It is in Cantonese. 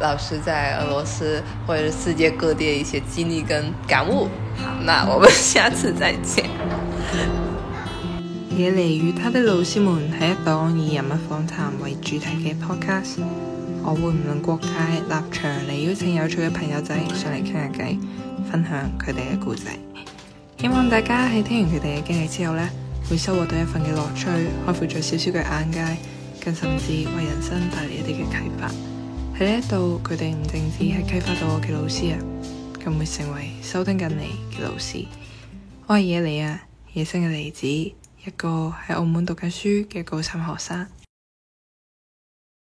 老師在俄羅斯或者是世界各地的一些經歷跟感悟。好，那我們下次再見。野梨與他的老師們是一檔以人物訪談為主題嘅 podcast。我會唔論國界立場嚟邀請有趣嘅朋友仔上嚟傾下偈，分享佢哋嘅故仔。希望大家喺聽完佢哋嘅經歷之後呢，會收穫到一份嘅樂趣，開闊咗少少嘅眼界，更甚至為人生帶嚟一啲嘅啟發。喺呢度，佢哋唔淨止係啟發到我嘅老師啊，更會成為收聽緊你嘅老師。我係野梨啊，野生嘅梨子，一個喺澳門讀緊書嘅高三學生。